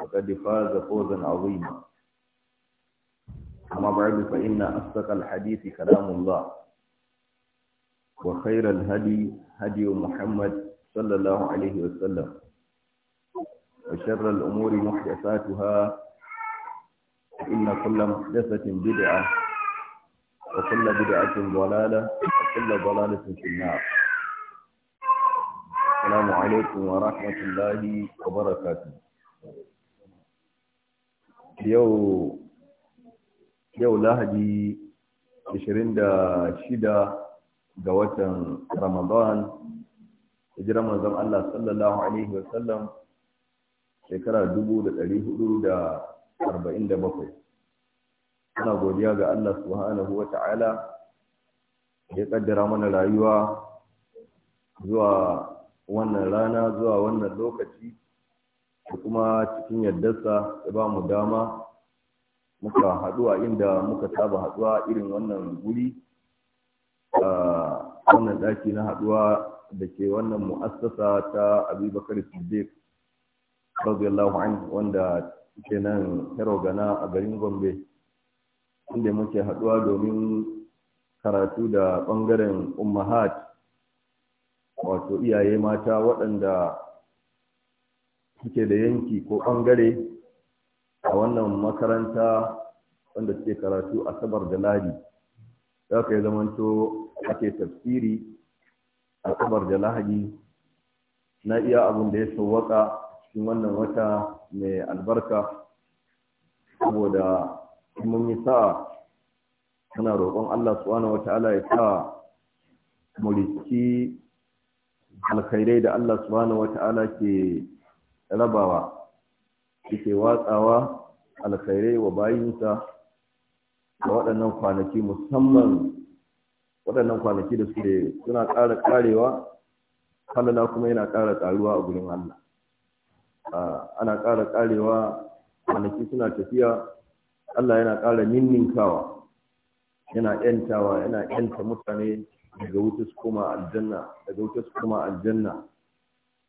وقد فاز فوزا عظيما أما بعد فإن أصدق الحديث كلام الله وخير الهدي هدي محمد صلى الله عليه وسلم وشر الأمور محدثاتها إن كل محدثة بدعة وكل بدعة ضلالة وكل ضلالة في النار السلام عليكم ورحمة الله وبركاته yau yau lahadi 26 ga watan ramadan hijirar manzon Allah sallallahu alaihi wa sallam, shekara 1447 ana godiya ga Allah subhanahu wa ta'ala ya kaddara mana rayuwa zuwa wannan rana zuwa wannan lokaci da kuma cikin yardarsa ya ba mu dama muka haɗu a inda muka saba haɗuwa irin wannan guri a wannan ɗaki na haɗuwa da ke wannan mu'assasa ta abubakar siddiq radiyallahu anhu wanda ke nan gana a garin gombe inda muke haɗuwa domin karatu da ɓangaren ummahat wato iyaye mata waɗanda suke da yanki ko ɓangare a wannan makaranta wanda suke karatu asabar da Lahadi. za ka yi zamanto ake tafsiri asabar da lahadi na iya abin da ya sauwaka cikin wannan wata mai albarka saboda mun yi sa'a kana roƙon Allah subhanahu wata'ala ya sa mu alkhairai da Allah subhanahu wata'ala ke rabawa yake watsawa alkhairai wa bayinsa a waɗannan kwanaki musamman waɗannan kwanaki da suke suna ƙara ƙarewa halala kuma yana ƙara ƙaruwa a gurin Allah ana ƙara ƙarewa kwanaki suna tafiya Allah yana ƙara ninninkawa yana ƴantawa yana ƴanta mutane daga wuta su koma aljanna daga wuta su koma aljanna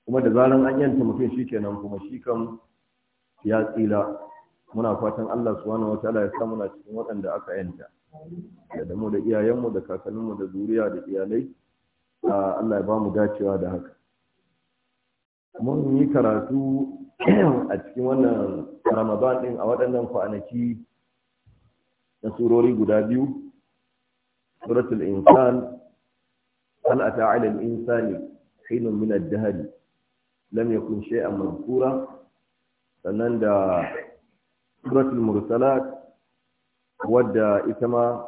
kuma da zaran an yanta mutum shi kenan kuma shi kan ya tsira muna fatan Allah subhanahu ta'ala ya sa muna cikin waɗanda aka yanta da mu da iyayenmu da kakanninmu da zuriya da iyalai ah, Allah ya ba mu dacewa da haka mun yi karatu a cikin wannan ramadan din a waɗannan kwanaki na surori guda biyu suratul insan hal ata'ala al insani hinun min ad-dahr lam a shay'an kura, sannan da suratul mursalat wadda ita ma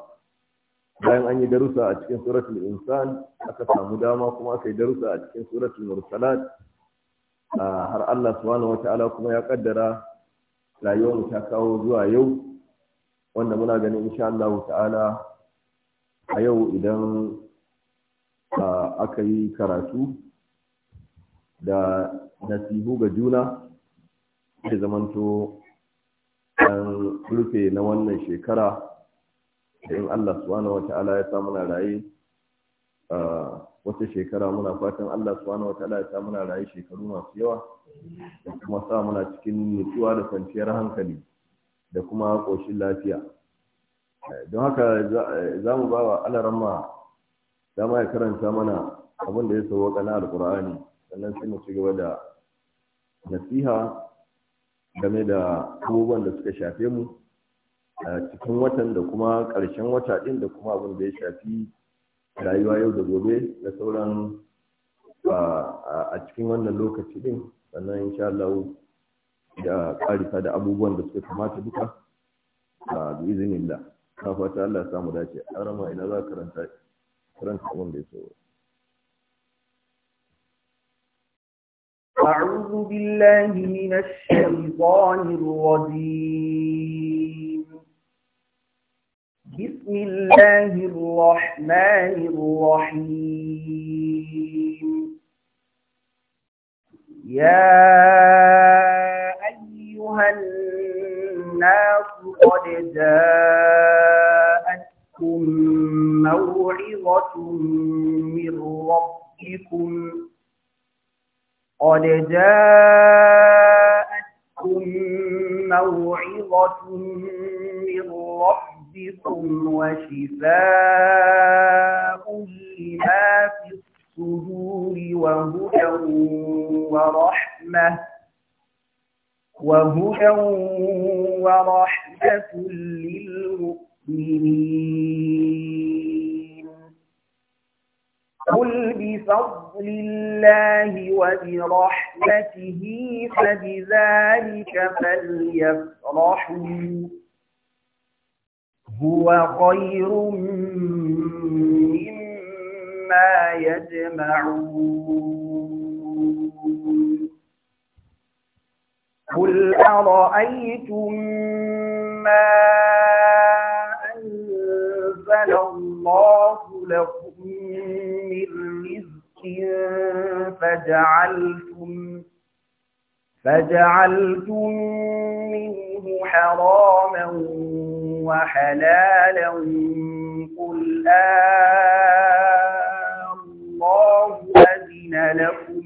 bayan an yi darusa a cikin suratul insan aka samu dama kuma aka yi darusa a cikin suratul mursalat har Allah subhanahu ta'ala kuma ya kaddara rayuwar ta kawo zuwa yau wanda muna ganin insha Allah ta'ala a yau idan aka yi karatu da nasihu ga juna ke zamanto an rufe na wannan shekara da in Allah subhanahu ta'ala ya sa muna raye wata shekara muna fatan Allah subhanahu ta'ala ya sa muna raye shekaru masu yawa da kuma sa muna cikin nutsuwa da kwanciyar hankali da kuma ƙoshin lafiya don haka za mu ba wa alarama dama ya karanta mana abin da ya sauwaka na alkur'ani sannan sai mu ci gaba da nasiha game da abubuwan da suka shafe mu a cikin watan da kuma ƙarshen wata ɗin da kuma abin da ya shafi rayuwa yau da gobe da sauran a cikin wannan lokaci ɗin sannan insha Allah da ƙarisa da abubuwan da suka kamata duka a bi izinin da na fata Allah samu dace a ina za ka karanta karanta abin da ya so أعوذ بالله من الشيطان الرجيم بسم الله الرحمن الرحيم يا أيها الناس قد جاءتكم موعظة من ربكم قد جاءتكم موعظة من ربكم وشفاء لما في الصدور وهدى ورحمة وهدى ورحمة للمؤمنين قل بفضل الله وبرحمته فبذلك فليفرحوا هو خير مما يجمعون قل أرأيتم ما أنزل الله لكم من رزق فجعلتم فجعلتم منه حراما وحلالا قل آه، الله أذن لكم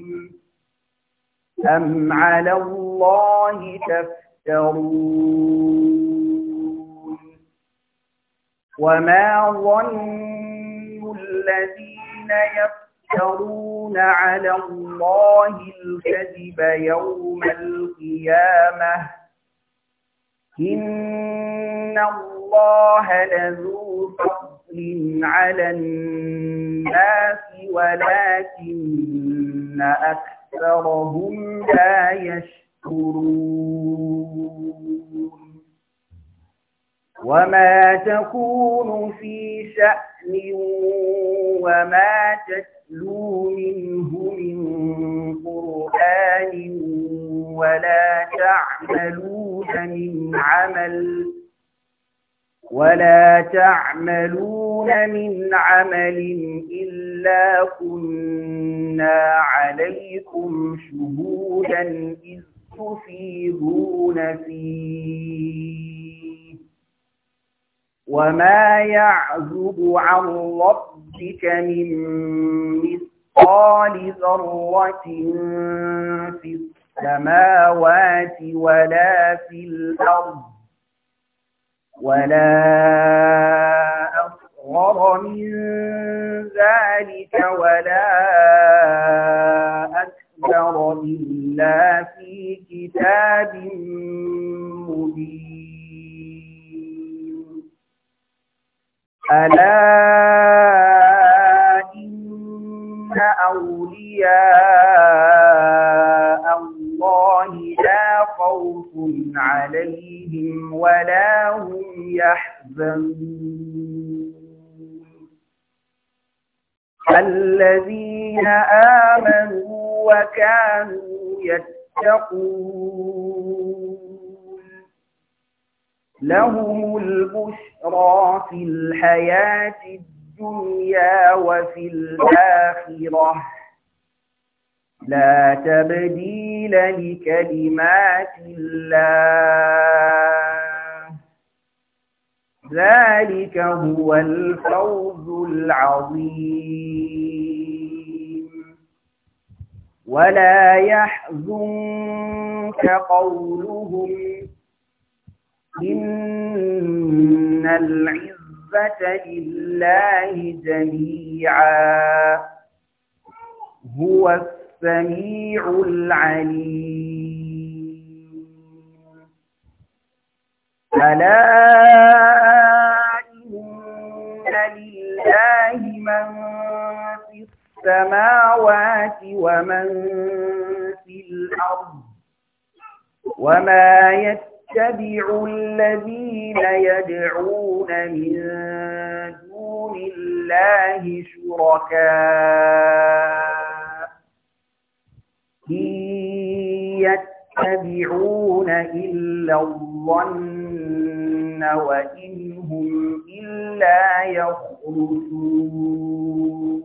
أم على الله تفترون وما ظن الذين يفترون على الله الكذب يوم القيامة إن الله لذو فضل على الناس ولكن أكثرهم لا يشكرون وما تكون في شأن وما تتلو منه من قرآن ولا تعملون من عمل ولا تعملون من عمل إلا كنا عليكم شهودا إذ تفيضون فيه وما يعزب عن ربك من مثقال ذرة في السماوات ولا في الأرض ولا أصغر من ذلك ولا أكبر إلا في كتاب مبين ألا إن أولياء الله لا خوف عليهم ولا هم يحزنون الذين آمنوا وكانوا يتقون لهم البشرى في الحياة الدنيا وفي الآخرة لا تبديل لكلمات الله ذلك هو الفوز العظيم ولا يحزنك قولهم إن العزة لله جميعا هو السميع العليم ألا إن لله من في السماوات ومن في الأرض وما يتبع اتبعوا الذين يدعون من دون الله شركاء إن يتبعون إلا الظن وإن هم إلا يخرجون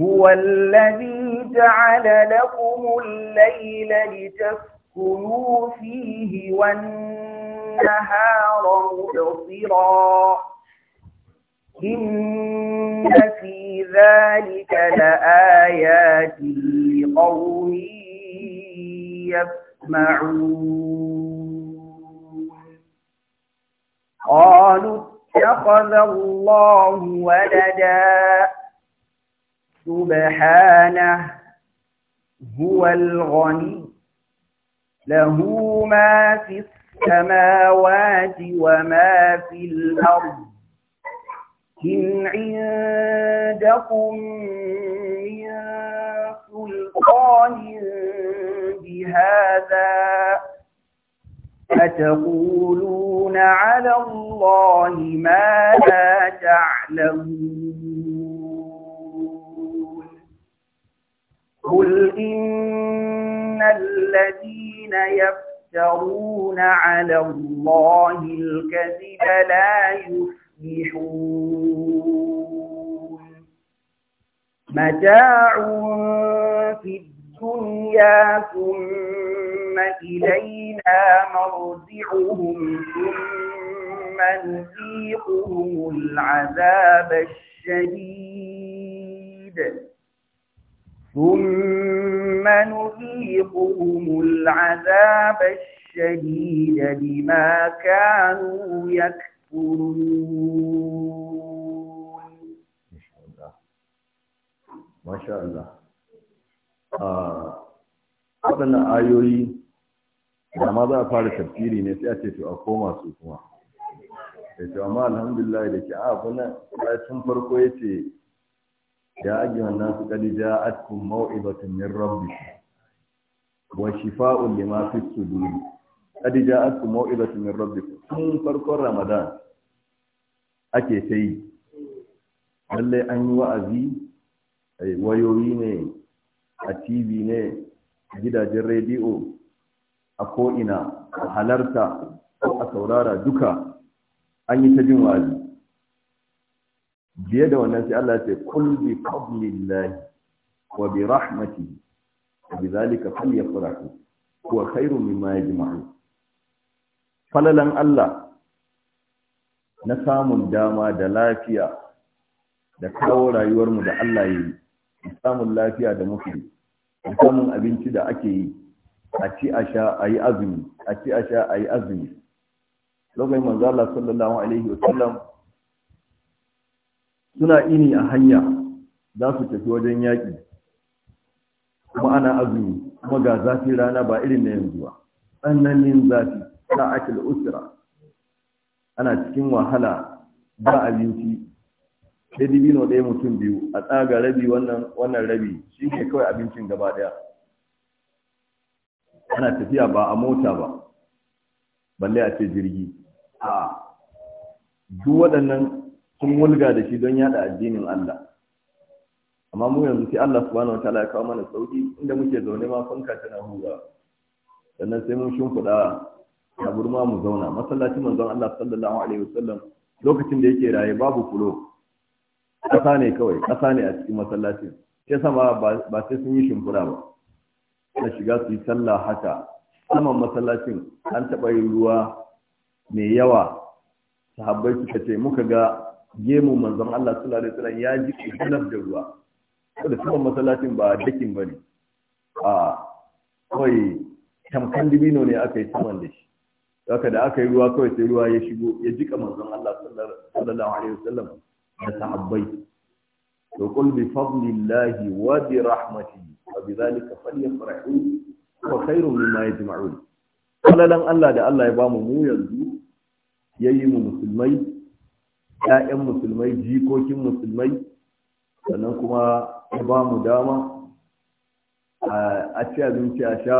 هو الذي جعل لكم الليل لتفكروا اسكنوا فيه والنهار مبصرا إن في ذلك لآيات لقوم يسمعون قالوا اتخذ الله ولدا سبحانه هو الغني له ما في السماوات وما في الأرض إن عندكم من سلطان بهذا أتقولون على الله ما لا تعلمون قل إن الذي الذين يفترون على الله الكذب لا يفلحون متاع في الدنيا ثم إلينا مرجعهم ثم نذيقهم العذاب الشديد ثم نذيقهم العذاب الشديد بما كانوا يكفرون ما شاء الله ayoyi da ma za a fara tafsiri ne sai a ce to a koma su kuma da eh, to amma alhamdulillah da ke a kuna sun farko ya ce يا أيها الناس قد جاءتكم موعظة من ربكم وشفاء لما في الصدور قد جاءتكم موعظة من ربكم من فرق رمضان ake ta yi lallai an yi wa'azi wayoyi ne a tv ne gidajen rediyo a ko'ina a halarta ko a saurara duka an yi ta jin wa'azi biye da wannan sai Allah ya ce kul bi fadlillahi wa bi Rahmati. wa bi zalika falyafrahu huwa khairun mimma yajma'u falalan Allah na samun dama da lafiya da kawo rayuwarmu da Allah ya yi samun lafiya da muke samun abinci da ake yi a ci a sha a yi azumi a ci a sha a azumi lokacin manzo Allah sallallahu alaihi wa sallam suna ini a hanya za su tafi wajen yaƙi kuma ana azumi kuma ga zafin rana ba irin na yanzu ba tsananin zafi ake usra ana cikin wahala ba abinci sai dibino ɗaya mutum biyu a tsaga rabi wannan wannan rabi shi ne kawai abincin gaba ɗaya ana tafiya ba a mota ba balle a ce jirgi a duk waɗannan sun mulga da shi don yada addinin Allah amma mu yanzu sai Allah subhanahu wataala ya kawo mana sauki inda muke zaune ma fanka tana huwa sannan sai mun shimfiɗa burma mu zauna masallacin manzon Allah sallallahu alaihi wasallam lokacin da yake raye babu kulo ƙasa ne kawai ƙasa ne a cikin masallacin sai sama ba sai sun yi shimfiɗa ba na shiga su yi sallah haka saman masallacin an taɓa yin ruwa mai yawa sahabbai suka ce muka ga gemu manzon Allah sallallahu alaihi wasallam ya ji kitab da ruwa saboda kuma masallacin ba dakin bane a kawai tamkan dibino ne aka yi saman da shi haka da aka yi ruwa kawai sai ruwa ya shigo ya jika manzon Allah sallallahu alaihi wasallam da sahabbai to qul bi fadlillahi wa bi rahmatihi wa bi zalika falyafrahu wa khairun mimma yajma'un falalan Allah da Allah ya bamu mu yanzu yayi mu musulmai 'ya'yan musulmai jikokin musulmai sannan kuma ya ba mu dama a ci abinci a sha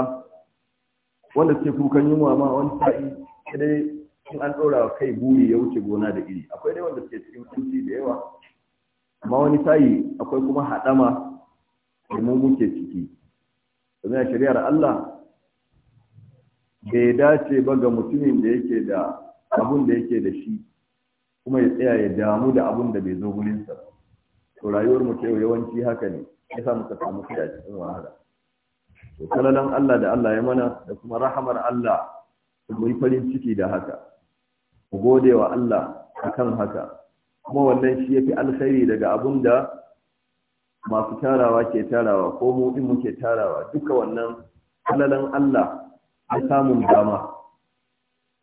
wanda suke kukan yi ma wani sa'i dai in an ɗora kai buri ya wuce gona da iri akwai dai wanda suke cikin kunci da yawa amma wani sa'i akwai kuma haɗama da mu muke ciki domin a shari'ar Allah bai dace ba ga mutumin da yake da abun da yake da shi kuma ya tsaya ya damu da abun da bai zo gurinsa to rayuwar mu yau yawanci haka ne ya sa muka samu a cikin wahala to kalalan Allah da Allah ya mana da kuma rahamar Allah mu yi farin ciki da haka mu gode wa Allah akan haka kuma wannan shi yafi alkhairi daga abun da masu tarawa ke tarawa ko mu din muke tarawa duka wannan halalan Allah ya samun dama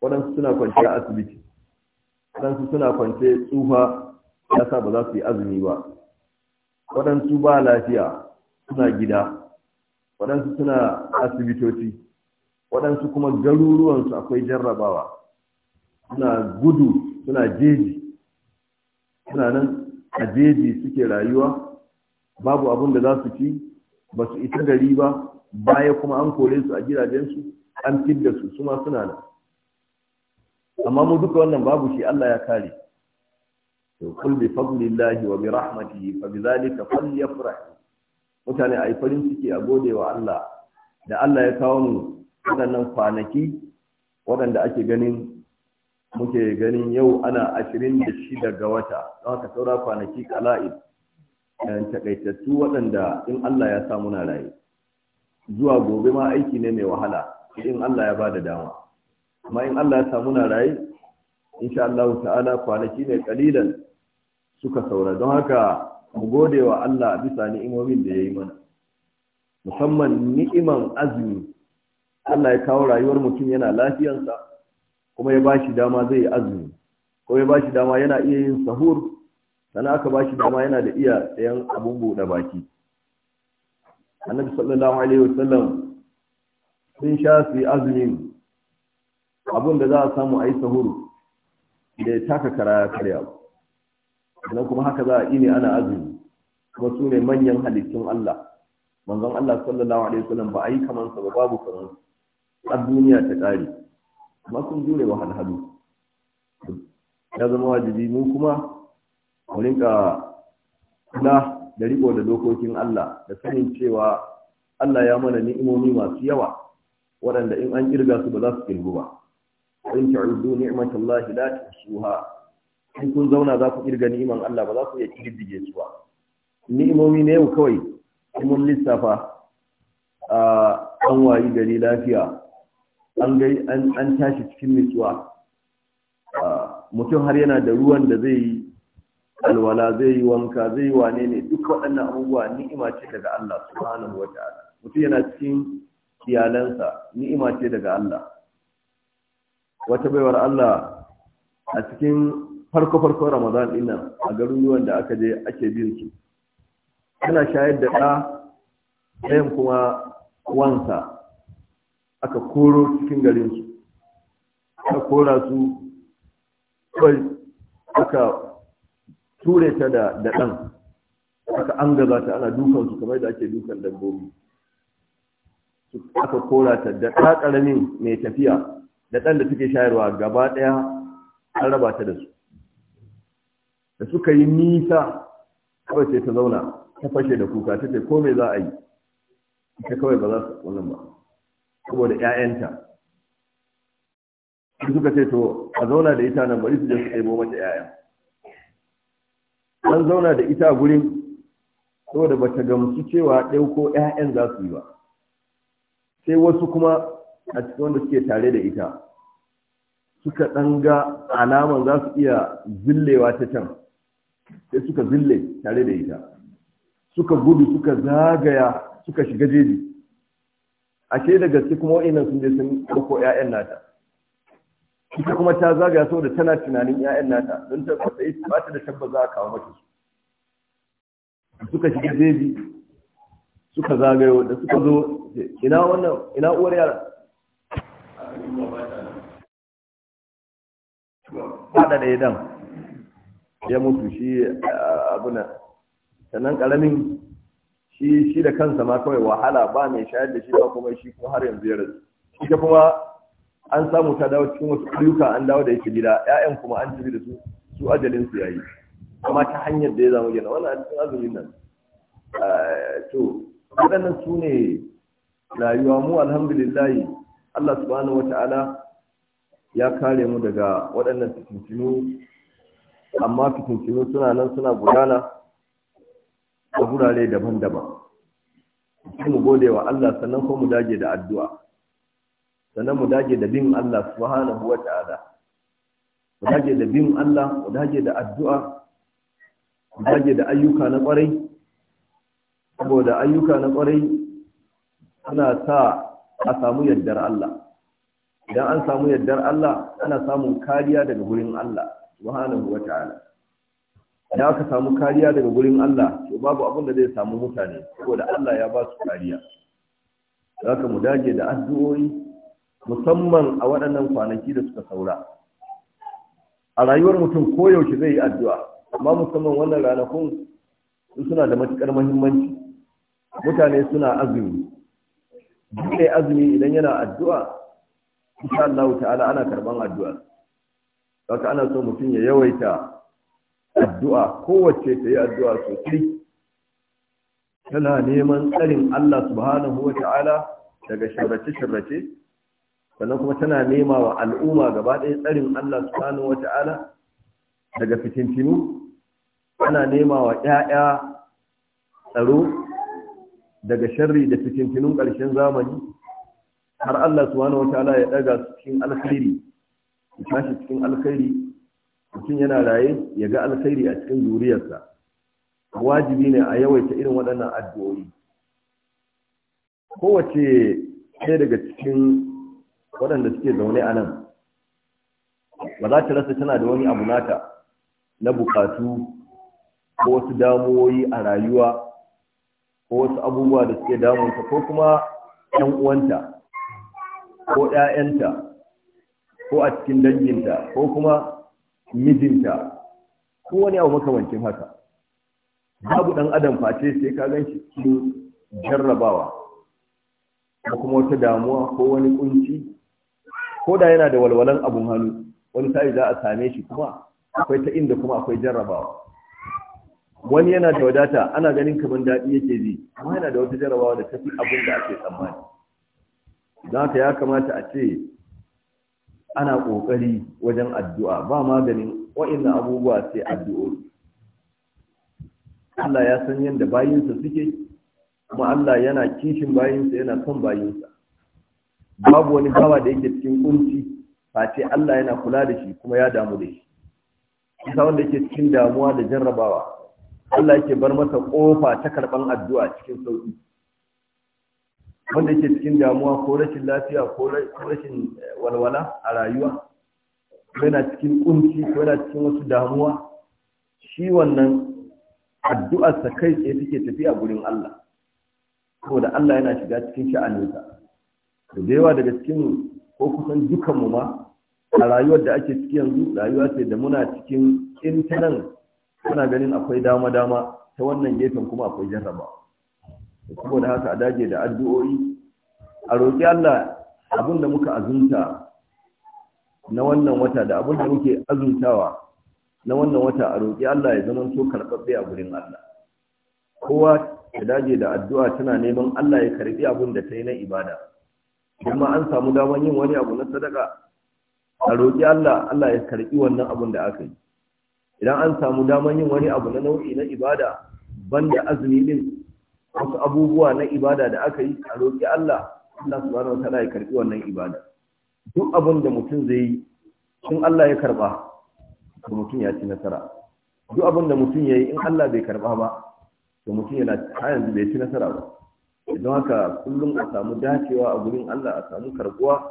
waɗansu suna kwanciya asibiti waɗansu suna kwance tsufa ya sa ba za su yi azumi ba waɗansu ba lafiya suna gida waɗansu suna asibitoci waɗansu kuma garuruwansu akwai jarrabawa suna gudu suna jeji suna nan a jeji suke rayuwa babu abin da za su ci ba su isa gari ba baya kuma an kore su a gidajensu an fidda su su ma suna nan amma mu duka wannan babu shi Allah ya kare to kul bi fadlillahi wa bi rahmatihi fa bi zalika falyafrah mutane ai farin ciki a gode wa Allah da Allah ya kawo mu waɗannan kwanaki waɗanda ake ganin muke ganin yau ana ashirin da shida ga wata don haka saura kwanaki kala'id eh, takaitattu waɗanda in Allah ya sa muna raye zuwa gobe ma aiki ne mai wahala in Allah ya ba da dama amma in Allah ya samu na raye insha Allah ta'ala kwanaki ne kalilan suka saura don haka mu gode wa Allah bisa ni'imomin da ya yi mana musamman ni'iman azumi Allah ya kawo rayuwar mutum yana lafiyansa kuma ya bashi dama zai yi azumi ko ya bashi dama yana iya yin sahur sannan aka bashi dama yana da iya sayan abun buɗe baki annabi sallallahu alaihi wasallam sun sha su yi azumin abun da za a samu a yi sahuru da ya taka kara ya karya sannan kuma haka za a yi ne ana azumi kuma su ne manyan halittun Allah manzon Allah sallallahu alaihi wasallam ba a yi kaman sa ba babu kaman a duniya ta kare amma sun jure wa halhalu ya zama wajibi mu kuma mu rinka kula da riko da dokokin Allah da sanin cewa Allah ya mana ni'imomi masu yawa waɗanda in an ƙirga su ba za su kirgu ba in ta'uddu ni'matallahi la tusuha in kun zauna za ku kirga ni'iman Allah ba za ku iya kirdige su ba ni'imomi ne yau kawai mun lissafa an wayi gari lafiya an gai an tashi cikin nutsuwa mutum har yana da ruwan da zai yi alwala zai yi wanka zai yi wane ne duk waɗannan abubuwa ni'ima ce daga Allah subhanahu wa ta'ala mutum yana cikin iyalansa ni'ima ce daga Allah wata baiwar Allah a cikin farko-farko Ramadan ɗina a garuruwan da aka je ake bin su. Ana shayar da ɗa ɗayan kuma wansa aka koro cikin garin su. Aka kora su aka ture ta da ɗan aka an gaza ta ana dukan su kamar da ake dukan dabbobi. Aka kora ta da ɗa ƙaramin mai tafiya da ɗan da suke shayarwa gaba ɗaya an raba ta da su da suka yi nisa kawai sai ta zauna ta fashe da kuka ta ce ko me za a yi ita kawai ba za su wannan ba saboda ƴaƴanta su suka ce to a zauna da ita nan bari su je su ɗebo mata ƴaƴa an zauna da ita gurin saboda bata gamsu cewa ɗauko ƴaƴan za su yi ba sai wasu kuma a cikin wanda suke tare da ita suka ɗan ga alaman za su iya zillewa ta can sai suka zille tare da ita suka gudu suka zagaya suka shiga jeji ke da gaske kuma wa'inan sun je sun ɗauko 'ya'yan nata ita kuma ta zagaya saboda tana tunanin 'ya'yan nata don ta yi ba ta da tabbas za a kawo mata su suka shiga jeji suka zagayo da suka zo ina wannan ina uwar yara fada da idan ya mutu shi abuna sannan karamin shi shi da kansa ma kawai wahala ba mai shayar da shi ba kuma shi kuma har yanzu ya rasu ka kuma an samu ta dawo cikin wasu ayyuka an dawo da yake gida ƴaƴan kuma an tafi da su su ajalin su yayi amma ta hanyar da ya zama gina wannan cikin azumin nan to waɗannan su ne rayuwa mu alhamdulillahi. Allah subhanahu ta’ala ya kare mu daga waɗannan fitintinu amma fitintinu suna nan suna gudana a wurare daban-daban sai mu gode wa Allah sannan ko mu dage da addu'a sannan mu dage da bin Allah subhanahu ta’ala. mu dage da bin Allah mu dage da addu'a mu dage da ayyuka na ƙwarai saboda ayyuka na ƙwarai suna sa a samu yardar Allah idan an samu yardar Allah ana samun kariya daga gurin Allah subhanahu ta'ala. idan aka samu kariya daga gurin Allah to babu abin da zai samu mutane saboda Allah ya ba su kariya zaka mu dage da addu'o'i musamman a waɗannan kwanaki da suka saura a rayuwar mutum koyaushe zai yi addu'a amma musamman wannan ranakun suna da matuƙar muhimmanci mutane suna azumi buɗe azumi idan yana addu'a insha Allah ta'ala ana karban addu'a haka ana so mutum ya yawaita addu'a kowace ta yi addu'a sosai tana neman tsarin Allah subhanahu wa ta'ala daga shirrace-shirrace. sannan kuma tana nema wa al'umma gaba ɗaya tsarin Allah subhanahu wa ta'ala daga fitintinu tana nema wa ‘ya'ya tsaro daga sharri da fitintinun ƙarshen zamani har Allah subhanahu wataala ya daga cikin alkhairi ya tashi cikin alkhairi mutum yana raye ya ga alkhairi a cikin zuriyarsa wajibi ne a yawaita irin waɗannan addu'o'i kowace ɗaya daga cikin waɗanda suke zaune a nan ba za ta rasa tana da wani abu nata na bukatu ko wasu damuwoyi a rayuwa ko wasu abubuwa da suke damunta ko kuma 'yan uwanta ko ‘ya'yanta ko a cikin danginta ko kuma mijinta ko wani abu makamancin haka babu ɗan adam face sai ka gan shi cikin jarrabawa ko kuma wata damuwa ko wani kunci ko da yana da walwalan abun hannu wani sa'i za a same shi kuma akwai ta inda kuma akwai jarrabawa wani yana da wadata ana ganin kamar daɗi yake ji amma yana da wata jarabawa da tafi abin da ake tsammani don haka ya kamata a ce ana ƙoƙari wajen addu'a ba maganin wa'inda abubuwa sai addu'o'i Allah ya san yadda bayinsa suke kuma Allah yana kishin bayinsa yana son bayinsa babu wani bawa da yake cikin kunci face Allah yana kula da shi kuma ya damu da shi isa wanda yake cikin damuwa da jarrabawa Allah yake bar masa kofa ta karban addu'a cikin sauki wanda yake cikin damuwa ko rashin lafiya ko rashin eh, walwala a rayuwa yana cikin kunci ko yana cikin wasu damuwa shi wannan sa kai tsaye take tafiya gurin Allah saboda Allah yana shiga cikin sha'aninsa da yawa daga cikin ko kusan dukanmu ma a rayuwar da ake ciki yanzu rayuwa ce da muna cikin intanan suna ganin akwai dama-dama ta wannan gefen kuma akwai jarraba saboda haka a dage da addu'o'i a roƙi Allah abin da muka azunta na wannan wata da abin da muke azuntawa na wannan wata a roƙi Allah ya zama to karɓaɓɓe a gurin Allah kowa ya dage da addu'a tana neman Allah ya karɓi abin da ta yi na ibada kuma an samu damar yin wani abu na sadaka a roƙi Allah Allah ya karɓi wannan abin da aka yi idan an samu daman yin wani abu na nau'i na ibada banda azumi din wasu abubuwa na ibada da aka yi a roƙi Allah Allah subhanahu wa ta'ala ya karbi wannan ibada duk abin da mutum zai yi in Allah ya karba to mutum ya ci nasara duk abin da mutum ya yi in Allah bai karba ba to mutum yana har yanzu bai ci nasara ba idan haka kullum a samu dacewa a gurin Allah a samu karbuwa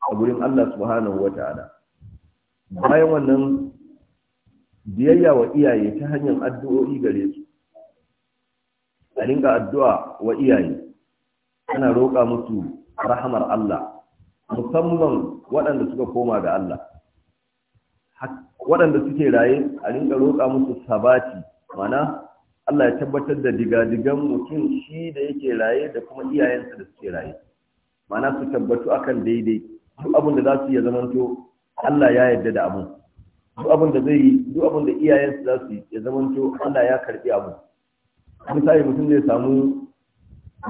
a gurin Allah subhanahu wa ta'ala bayan wannan biyayya wa iyaye ta hanyar addu'o'i gare su a ringa addu'a wa iyaye ana roƙa musu rahamar Allah musamman waɗanda suka koma ga Allah waɗanda suke raye a ringa roƙa musu sabati mana Allah ya tabbatar da digadigan mutum shi da yake raye da kuma iyayensa da suke raye mana su tabbatu akan daidai duk abin da za su iya zamanto Allah ya yarda da abin duk abin da zai yi duk abin da iyayensu su ya zamanto Allah ya karbi abu misali mutum zai samu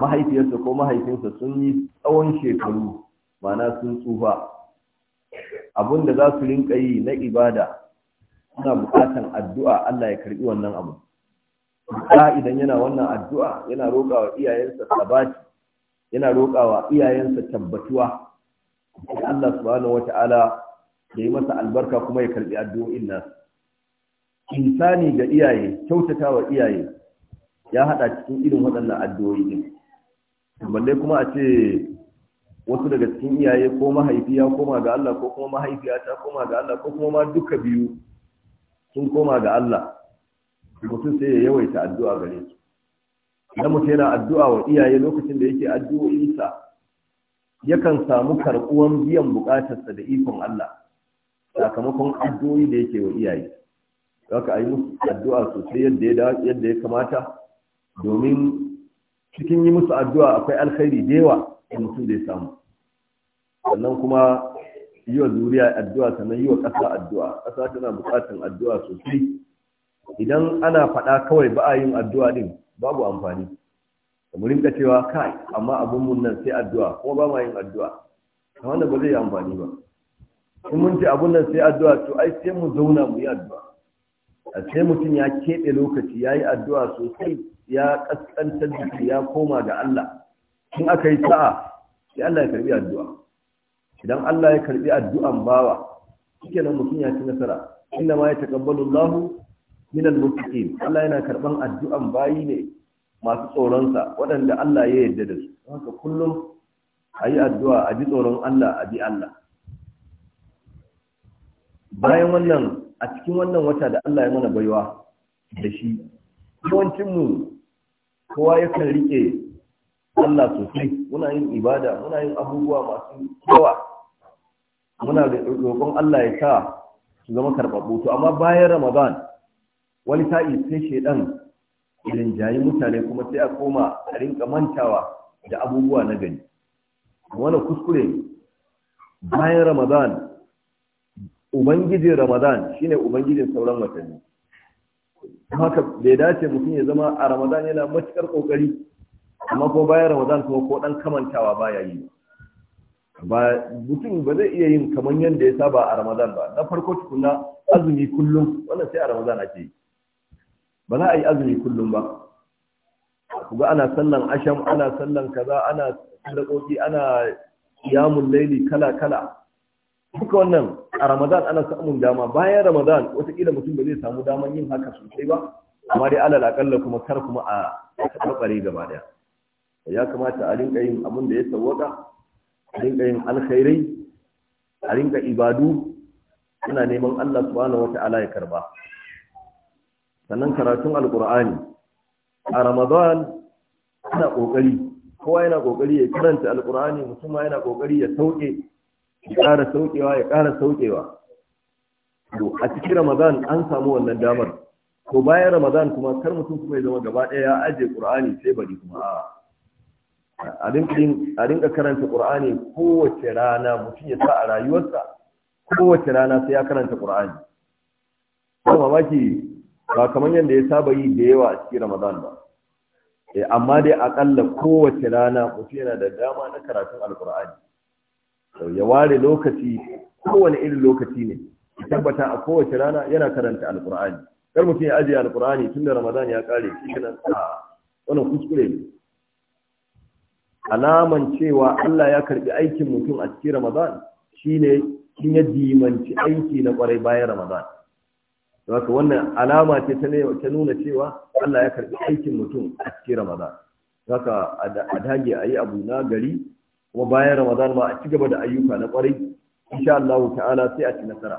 mahaifiyarsa ko mahaifinsa sun yi tsawon shekaru mana sun tsufa abin da za su rinka yi na ibada suna bukatan addu'a Allah ya karbi wannan abu ka idan yana wannan addu'a yana rokawa iyayensa sabati yana rokawa iyayensa tabbatuwa Allah subhanahu wata'ala ya yi masa albarka kuma ya karɓi addu'o'in nasu insani ga iyaye kyautata wa iyaye ya haɗa cikin irin waɗannan addu'o'i din balle kuma a ce wasu daga cikin iyaye ko mahaifi ya koma ga Allah ko kuma mahaifiya ta koma ga Allah ko kuma ma duka biyu sun koma ga Allah mutum sai ya yawaita addu'a gare su idan mutum yana addu'a wa iyaye lokacin da yake addu'o'insa yakan samu karɓuwan biyan buƙatarsa da ikon Allah sakamakon addu'o'i da yake wa iyaye haka a yi musu addu'a sosai yadda ya kamata domin cikin yi musu addu'a akwai alkhairi da yawa da mutum zai samu sannan kuma yi wa zuriya addu'a sannan yi wa ƙasa addu'a ƙasa tana buƙatar addu'a sosai idan ana faɗa kawai ba a yin addu'a din, babu amfani da rinka cewa kai amma abun mun nan sai addu'a kuma ba ma yin addu'a Kamar da ba zai yi amfani ba in mun ce abun nan sai addu'a to ai sai mu zauna mu yi addu'a a sai mutum ya keɓe lokaci ya yi addu'a sosai ya ƙasƙantar da ya koma ga Allah in aka yi sa'a sai Allah ya karbi addu'a idan Allah ya karbi addu'an bawa shike nan mutum ya ci nasara inda ma ya taƙabbalu Allah min al-muttaqin Allah yana karban addu'an bayi ne masu tsoronsa waɗanda Allah ya yarda da su haka kullum ayi addu'a a ji tsoron Allah a bi Allah bayan wannan a cikin wannan wata da Allah ya mana baiwa da shi yawancinmu kowa yakan riƙe Allah sosai muna yin ibada muna yin abubuwa masu yawa muna roƙon Allah ya sa su zama karɓaɓɓu to amma bayan Ramadan wani sa'i sai shedan irin jayi mutane kuma sai a koma a rinka mantawa da abubuwa na gani wani kuskure bayan Ramadan ubangijin ramadan ne ubangijin sauran watanni haka bai dace mutum ya zama a ramadan yana matukar ƙoƙari, amma ko bayan ramadan kuma ko ɗan kamantawa baya yi ba mutum ba zai iya yin kamar yadda ya saba a ramadan ba na farko tukuna azumi kullum wannan sai a ramadan ake yi ba za a yi azumi kullum ba kuga ana sallan asham ana sallan kaza ana sadakoki ana yamun laili kala kala duka wannan a ramadan ana samun dama bayan ramadan watakila mutum ba zai samu daman yin haka sosai ba amma dai alal akalla kuma kar kuma a karɓare gaba daya ya kamata a rinka yin abin da ya sauwaka a rinka yin alkhairai a rinka ibadu ina neman Allah subhanahu Ta'ala ya karba sannan karatun alkur'ani a ramadan ana kokari kowa yana kokari ya karanta alkur'ani mutum ma yana kokari ya sauke ya ƙara sauƙewa ya ƙara sauƙewa a cikin ramadan an samu wannan damar ko bayan ramadan kuma kar mutum kuma ya zama gaba ɗaya ya ajiye qur'ani sai bari kuma a a rinka karanta qur'ani kowace rana mutum ya sa a rayuwarsa kowace rana sai ya karanta qur'ani ba mamaki ba kamar yadda ya saba yi da yawa a cikin ramadan ba eh, amma dai akalla kowace rana mutum yana da dama na karatun alqur'ani ya ware lokaci kowane irin lokaci ne ya tabbata a kowace rana yana karanta alkur'ani kar mutum ya ajiye alkur'ani tun da ramadan ya kare shi kana ah, wannan kuskure ne alaman cewa Allah ya karbi aikin mutum a cikin ramadan shine kin ya dimanci aiki na kwarai bayan ramadan haka wannan alama ce ta nuna cewa Allah ya karbi aikin mutum a cikin ramadan haka a dage a yi abu na gari kuma bayan ramadan ma a ci gaba da ayyuka na kwarai insha Allah ta'ala sai a ci nasara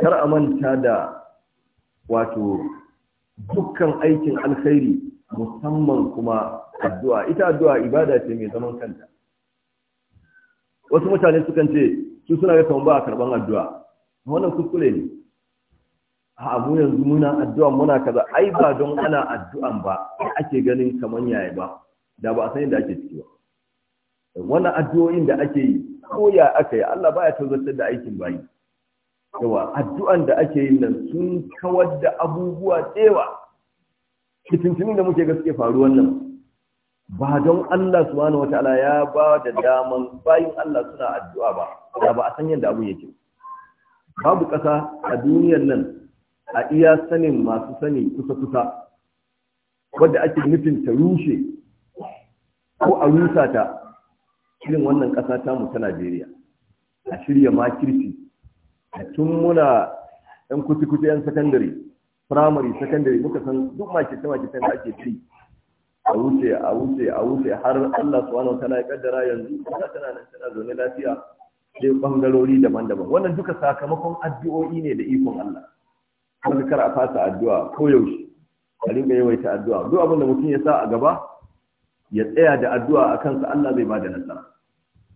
kar a manta da wato dukkan aikin alkhairi musamman kuma addu'a ita addu'a ibada ce mai zaman kanta wasu mutane sukan ce su suna ga kamar ba a karban addu'a wannan kuskure ne a abu yanzu muna addu'a muna kaza ai ba don ana addu'an ba ake ganin kamar yaya ba da ba a san yadda ake ciki ba Wani addu'o'in da ake yi ko ya aka yi Allah baya tozartar da aikin bayi yawa addu'an da ake yi nan sun kawar da abubuwa tsewa fitintunin da muke gaske faruwan nan ba don Allah wata ala ya ba da daman bayin Allah suna addu'a ba da ba a san yadda abun yake babu ƙasa a duniyar nan a iya sanin masu sani kusa-kusa wadda ake nufin ta rushe ko a rusa ta irin wannan ƙasa mu ta Najeriya a shirya makirci a tun muna yan kuci-kuci yan sakandare firamare sakandare muka san duk makirce-makircen da ake ci a wuce a wuce a wuce har Allah subhanahu wa ta'ala ya yanzu kuma tana nan tana zaune lafiya sai bangarori daban-daban wannan duka sakamakon addu'o'i ne da ikon Allah wanda kar a fasa addu'a ko yaushe a rinka yawaita addu'a duk abin da mutum ya sa a gaba ya tsaya da addu'a a kansa Allah zai ba da nasara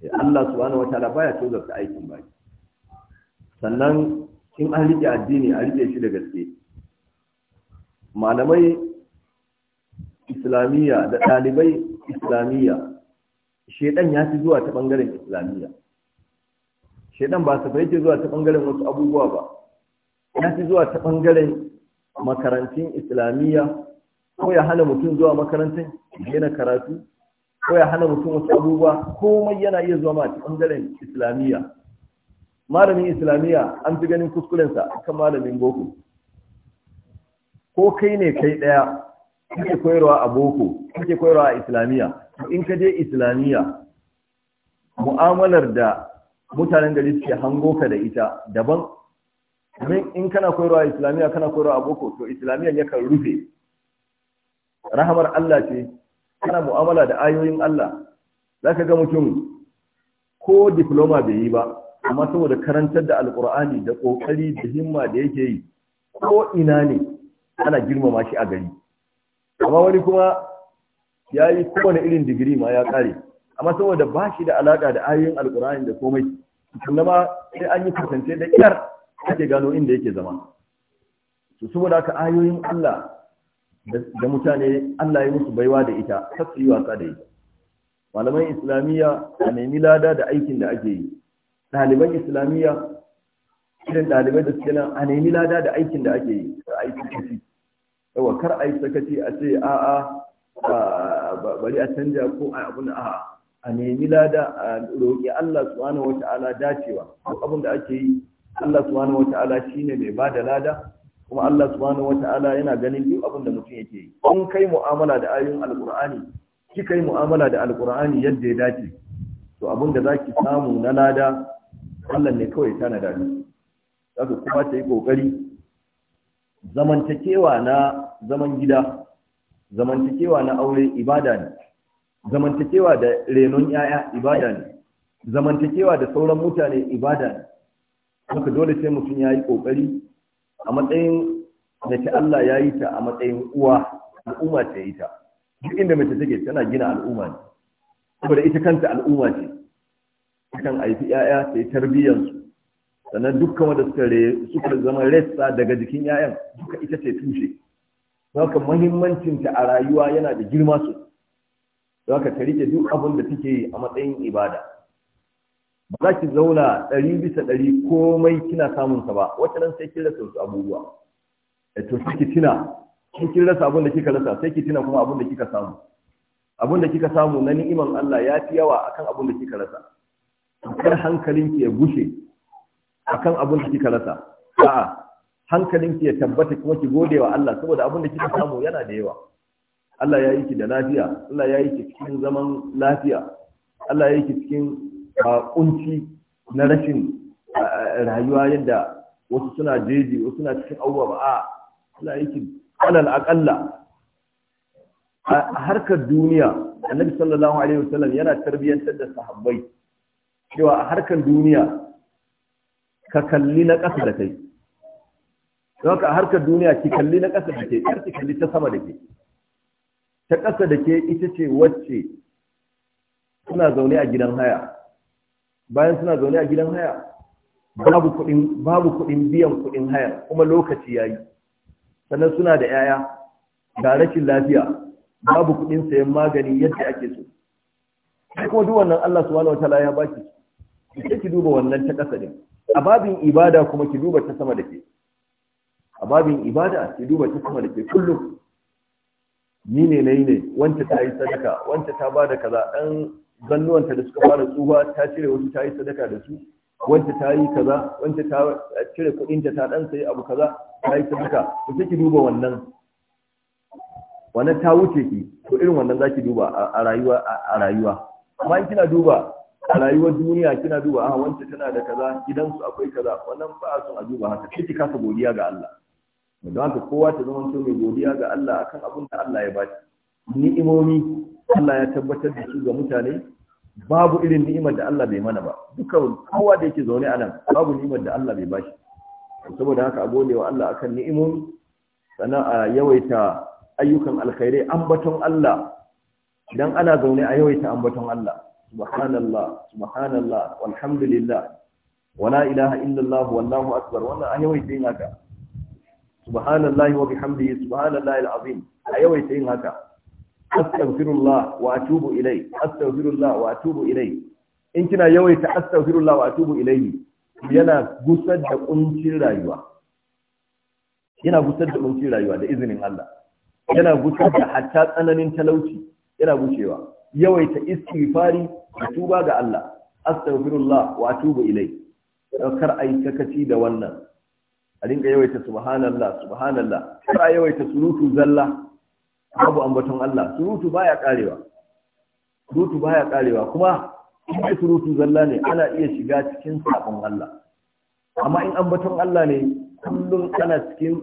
Allah subhanahu wataala baya tozarta aikin baki sannan in an rike addini a rike shi da gaske malamai islamiyya da ɗalibai islamiyya shedan ya fi zuwa ta ɓangaren islamiyya shedan ba su ke zuwa ta ɓangaren wasu abubuwa ba ya fi zuwa ta ɓangaren makarantun islamiyya ko ya hana mutum zuwa makarantar yana karatu ko ya hana mutum wasu abubuwa komai yana iya zuwa ma bangaren islamiyya malamin islamiyya an fi ganin kuskurensa kan malamin boko ko kai ne kai ɗaya kake koyarwa a boko kake koyarwa a islamiyya in ka je islamiyya mu'amalar da mutanen gari suke hango ka da ita daban domin in kana koyarwa a islamiyya kana koyarwa a boko to islamiyya ya yakan rufe rahamar Allah ce kana mu'amala da ayoyin Allah za ka ga mutum ko diploma bai yi ba amma saboda karantar da alkur'ani da kokari da himma da yake yi ko ina ne ana girmama shi a gari amma wani kuma ya yi kowane irin digiri ma ya kare amma saboda ba shi da alaka da ayoyin alkur'ani da komai sannan ma sai an yi kasance da kyar ake gano inda yake zama su saboda haka ayoyin Allah da mutane Allah ya musu baiwa da ita kar su yi wasa da ita malaman islamiyya a nemi lada da aikin da ake yi ɗaliban islamiyya irin ɗalibai da suke nan a nemi lada da aikin da ake yi kar a yi sakaci yawa kar a yi sakaci a ce a'a bari a canja ko a abun a'a a nemi lada a roƙi Allah subhanahu ta'ala dacewa abun da ake yi Allah subhanahu ta'ala shine mai ba da lada kuma Allah subhanahu ta'ala yana ganin duk abin da mutum yake yi kun kai mu'amala da ayoyin alqur'ani ki kai mu'amala da alqur'ani yadda ya dace to abin da zaki samu na lada Allah ne kawai tana da ni zaka kuma ta yi kokari zamantakewa na zaman gida zamantakewa na aure ibada ne zamantakewa da renon yaya ibada ne zamantakewa da sauran mutane ibada ne haka dole sai mutum ya yi kokari a matsayin ta Allah ya yi ta a matsayin uwa al'umma ce ita duk inda mace take tana gina al'umma ne saboda ita kanta al'umma ce takan haifi 'ya'ya ta yi tarbiyyarsu sannan dukkan wanda suka suka zama resa daga jikin 'ya'yan duka ita ce tushe haka muhimmancinta a rayuwa yana da girma sosai don haka ta rike duk abin da take yi a matsayin ibada ba za ki zauna ɗari bisa ɗari komai kina samun sa ba wata nan sai kin rasa abubuwa abubuwa eh, to sai ki tuna kin kin rasa abin da kika rasa sai ki tuna kuma abin da kika samu abin da kika samu na ni'iman Allah ya fi yawa akan abin da kika rasa kar hankalinki ya gushe akan abin da kika rasa a'a hankalinki ya tabbata kuma ki gode wa Allah saboda abin da kika samu yana da yawa Allah ya yi ki da lafiya Allah ya yi ki cikin zaman lafiya Allah ya yi ki cikin ba kunci na rashin rayuwa yadda wasu suna jeji wasu suna cikin abubuwa ba a suna yake alal akalla a harkar duniya annabi sallallahu alaihi wasallam yana tarbiyyantar da sahabbai cewa a harkar duniya ka kalli na ƙasa da kai don haka a harkar duniya ki kalli na ƙasa da ke kar ki kalli ta sama da ke ta ƙasa da ke ita ce wacce suna zaune a gidan haya bayan suna zaune a gidan haya babu kuɗin biyan kuɗin haya kuma lokaci ya yi. sannan suna da yaya da rashin lafiya babu kuɗin sayan magani yadda ake so sai kuma duk wannan Allah subhanahu wataala ya baki sai ki duba wannan ta ƙasa din a babin ibada kuma ki duba ta sama da ke a babin ibada ki duba ta sama da ke kullum ni ne na yi ne wancan ta yi sadaka wancan ta ba da kaza ɗan zannuwanta da suka fara tsuwa ta cire wasu ta yi sadaka da su wanda ta yi kaza wanda ta cire kuɗinta ta ɗan sayi abu kaza ta yi sadaka to take duba wannan wannan ta wuce ki to irin wannan za ki duba a rayuwa a rayuwa amma in kina duba a rayuwar duniya kina duba a ah, wanda tana da kaza gidansu akwai kaza wannan ba a son a duba haka sai ki kasa godiya ga Allah don haka kowa ta zama mai godiya ga Allah akan abin da Allah ya ba ni'imomi Allah ya tabbatar da su ga mutane babu irin ni'imar da Allah bai mana ba duka kowa da yake zaune a nan babu ni'imar da Allah bai bashi saboda haka a gode wa Allah akan ni'imomi sannan a yawaita ayyukan alkhairai ambaton Allah idan ana zaune a yawaita ambaton Allah subhanallah subhanallah walhamdulillah wala ilaha illallah wallahu akbar wannan a yawaita yin haka subhanallahi wa bihamdihi subhanallahi alazim a yawaita yin haka astaghfirullah wa atubu ilai astaghfirullah wa atubu ilai in kina yawaita astaghfirullah wa atubu ilai yana gusar da kuncin rayuwa yana gusar da kuncin rayuwa da izinin Allah yana gusar da hatta tsananin talauci yana gushewa yawaita istighfari da tuba ga Allah astaghfirullah wa atubu ilai kar ai kakaci da wannan a dinga yawaita subhanallah subhanallah kar a yawaita surutu zalla babu ambaton Allah surutu baya karewa surutu baya karewa kuma in surutu zalla ne ana iya shiga cikin sabon Allah amma in ambaton Allah ne kullum ana cikin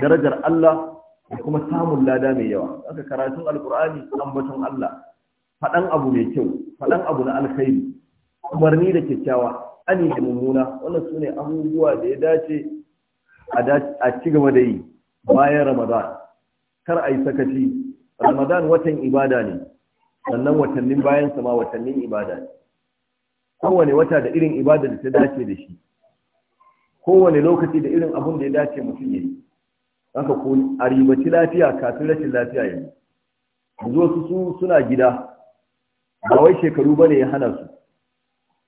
darajar Allah da kuma samun lada mai yawa aka karatun alkur'ani ambaton Allah faɗan abu mai kyau faɗan abu na alkhairi umarni da kyakkyawa ani da mummuna wannan sune abubuwa da ya dace a ci gaba da yi bayan ramadan kar a yi sakaci ramadan watan ibada ne sannan watannin bayan sama watannin ibada ne kowane wata da irin ibada da ta dace da shi kowane lokaci da irin abun da ya dace mutum ya yi haka ko a ribaci lafiya kafin rashin lafiya ya yi yanzu wasu su suna gida ba wai shekaru ba ne ya hana su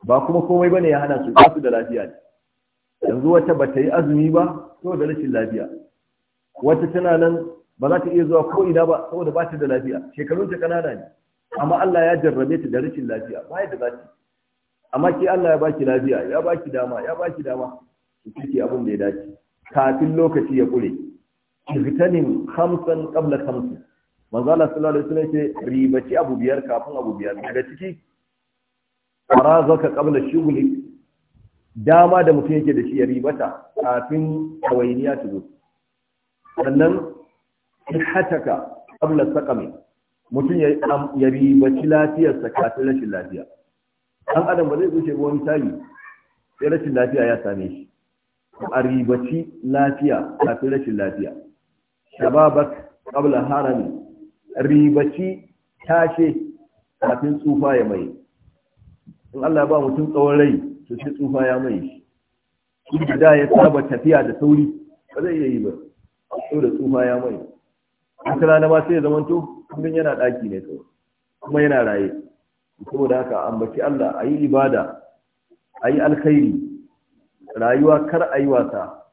ba kuma komai ba ne ya hana su ba su da lafiya ne yanzu wata ba ta yi azumi ba to da rashin lafiya wata tana nan ba za ta iya zuwa ko ina ba saboda ba ta da lafiya shekarun ta kanana ne amma Allah ya jarrabe ta da rikin lafiya ba da za ta amma ke Allah ya baki lafiya ya baki dama ya baki dama ki kike abin da ya dace kafin lokaci ya kure vitamin khamsan qabla khamsi manzo Allah sallallahu alaihi wasallam ce ribaci abu biyar kafin abu biyar daga ciki farazaka qabla shughlik dama da mutum yake da shi ya ribata kafin kawainiya ta zo sannan sihataka qabla saqami mutum ya ribaci lafiyarsa kafin rashin lafiya dan adam ba zai gushe ba wani sai rashin lafiya ya same shi a ribaci lafiya kafin rashin lafiya shababak Abla harami ribaci tashe kafin tsufa ya mai in Allah ba mutum tsawon rai to shi tsufa ya mai shi shi da ya saba tafiya da sauri ba zai iya yi ba saboda tsufa ya mai wata rana ma sai ya zamanto kullum yana ɗaki ne kawai kuma yana raye saboda haka ambaci Allah ayi ibada ayi alkhairi rayuwa kar ayi wasa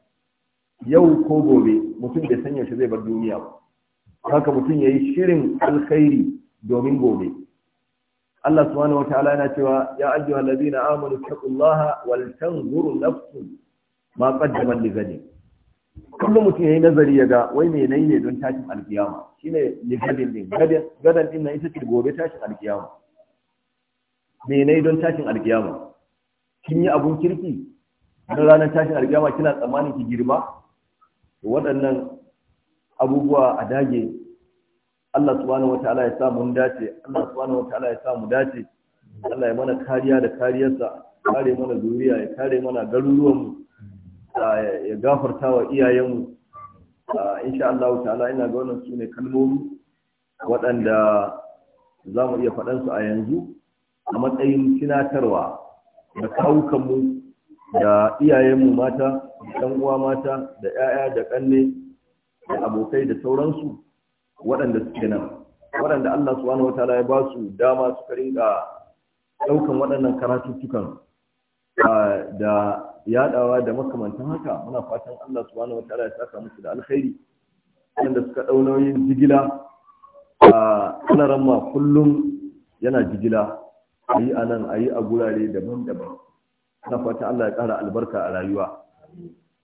yau ko gobe mutum bai sanya yaushe zai bar duniya ba haka mutum ya yi shirin alkhairi domin gobe Allah subhanahu wataala yana cewa ya ayyuhallazina amanu taqullaha wal tanzuru nafsun ma qaddamat li ghadin kullum mutum ya yi nazari ya ga wai me nayi ne don tashin alkiyama shine lihadin din gadan din nan ita ce gobe tashin alkiyama me nayi don tashin alkiyama kin yi abun kirki don ranar tashin alkiyama kina tsammanin ki girma waɗannan abubuwa a dage Allah subhanahu wataala ya sa mun dace Allah subhanahu wataala ya sa mu dace Allah ya mana kariya da kariyarsa kare mana zuriya ya kare mana garuruwanmu ya gafarta wa iyayenmu insha Allah ta'ala ina ga wannan sune kalmomi waɗanda za mu iya faɗansu a yanzu a matsayin tunatarwa da kawukanmu da iyayenmu mata da uwa mata da 'ya'ya da ƙanne da abokai da sauransu waɗanda suke nan waɗanda Allah subhanahu wataala ya ba su dama suka rinka ɗaukan waɗannan karatuttukan da Yaɗawa da makamantan haka muna fatan Allah subhanahu wataala ya saka musu da alkhairi wanda suka dau nauyin jigila a ma kullum yana jigila ayi a nan anan a gurare daban-daban na fatan Allah ya kara albarka a rayuwa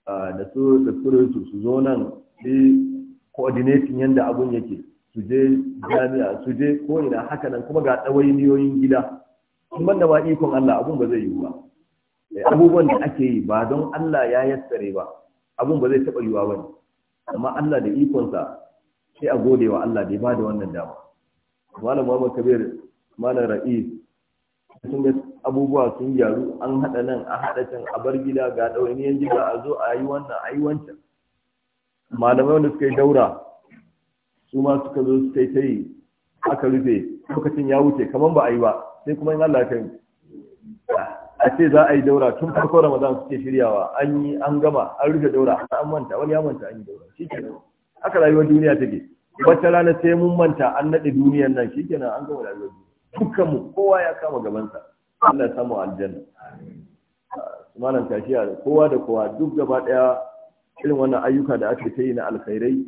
da su da su su zo nan sai coordinating yanda abun yake su je jami'a su je ko ina haka nan kuma ga niyoyin gida in banda ikon Allah abun ba zai yiwu ba abubuwan da ake yi ba don Allah ya yassare ba abun ba zai taɓa yiwa ba ne amma Allah da ikonsa sai a gode wa Allah da ya bada wannan dama malam Muhammad Kabir malam Ra'is sun ga abubuwa sun gyaru an haɗa nan a haɗa can a bar gida ga ɗawainiyan jiga a zo a yi wannan a yi wancan malamai wanda suka yi daura su ma suka zo suka yi aka rufe lokacin ya wuce kamar ba a yi ba sai kuma in Allah ya kai a ce za a yi daura tun farko ramadan suke shiryawa an yi an gama an rufe daura an manta wani ya manta an yi daura shi aka rayuwar duniya take wata rana sai mun manta an naɗe duniyar nan shi an gama rayuwar duniya mu kowa ya kama gabansa Allah ya samu aljanna malam tashiya kowa da kowa duk gaba daya irin wannan ayyuka da ake ta yi na alkhairai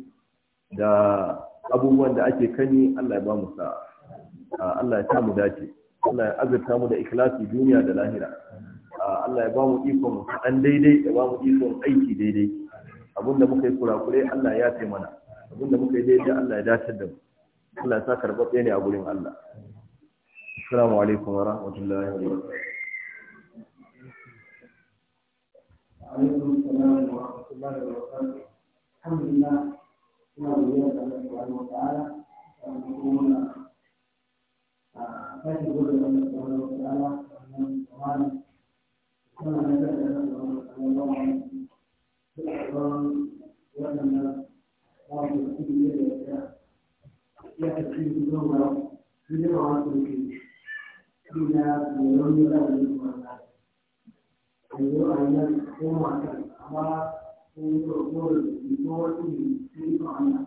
da abubuwan da ake kani Allah ya ba mu sa'a Allah ya sa mu dace Allah ya azurta mu da ikhlasi duniya da lahira ah, Allah ya ba mu ikon an daidai ya ba mu ikon aiki daidai abinda muka yi kurakure Allah ya fi mana abinda muka yi daidai Allah ya dace da mu Allah ya sa karɓaɓɓe ne a gurin Allah assalamu alaikum wa rahmatullahi wa barakatuh alaikum salam wa rahmatullahi wa barakatuh alhamdulillah ina godiya ga Allah subhanahu wa ta'ala da kuma فإن يقول الله سبحانه وتعالى أن القرآن كما نزل على الله بالأحضان وأن الله يكتب إليه يأتي بالنور بدعوة الكريم إلى يوم القيامة أيها الناس قوموا على ويقول بقوله في معنى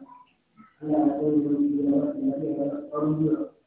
لا تجد في أرجو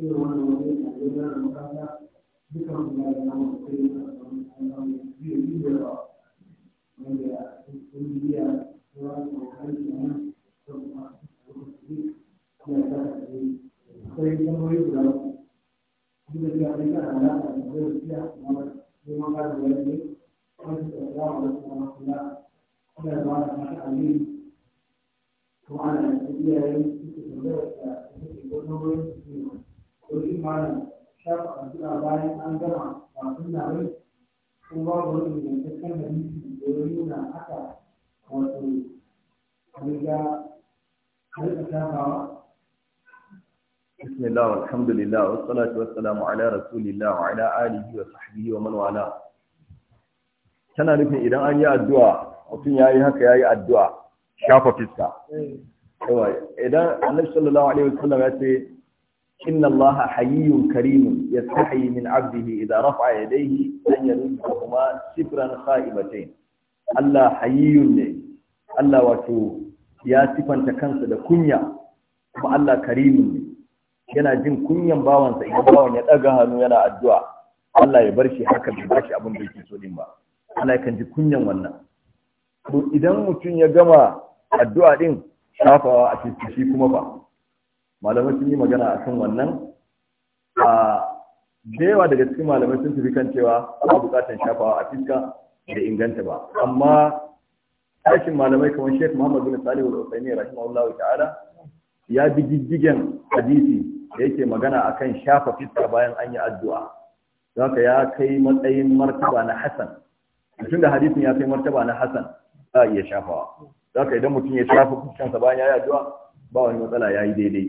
irin wannan wani a gida da makasa dukkan su ya zama da kai a tsarin tsarin biyu biyu da yawa wanda ya kungiya ya kokari da nan da kuma lokaci ya ta kai akwai jami'ai guda duk da cewa dai kana da alaƙa da gaskiya kuma neman ƙarin bayani wani da zama da kuma kula kuma da ba da mata alheri kuma ana da iyayen suke tambayar da suke gwamnati su ne بسم الله والحمد لله والصلاة والسلام على رسول الله وعلى آله وصحبه ومن والاه كان نفي إذا أن يأي الدعاء وفي يأي هكا يأي الدعاء شافة إيه. فسكة إيه. إذا النبي صلى الله عليه وسلم يأتي inna allaha hayyun karimun yastahi min 'abdihi idza rafa'a yadayhi an yurdahuma sifran kha'ibatayn Allah hayyun ne Allah wato ya sifanta kansa da kunya kuma Allah karimun ne yana jin kunyan bawansa idan bawan ya daga hannu yana addu'a Allah ya bar shi haka bai bashi abin da yake so din ba Allah kan ji kunyan wannan idan mutum ya gama addu'a din shafawa a cikin shi kuma ba malamai sun yi magana a kan wannan a da daga cikin malamai sun fi kan cewa ana bukatar shafawa a fiska da inganta ba amma aikin malamai kamar Sheikh Muhammadu bin Salih al rahim rahimahullah ta'ala ya bi diddigen hadisi da yake magana a kan shafa fiska bayan an yi addu'a haka ya kai matsayin martaba na Hassan da hadisin ya kai martaba na Hassan za a iya shafawa haka idan mutum ya shafa fuskansa bayan ya yi addu'a ba wani matsala ya yi daidai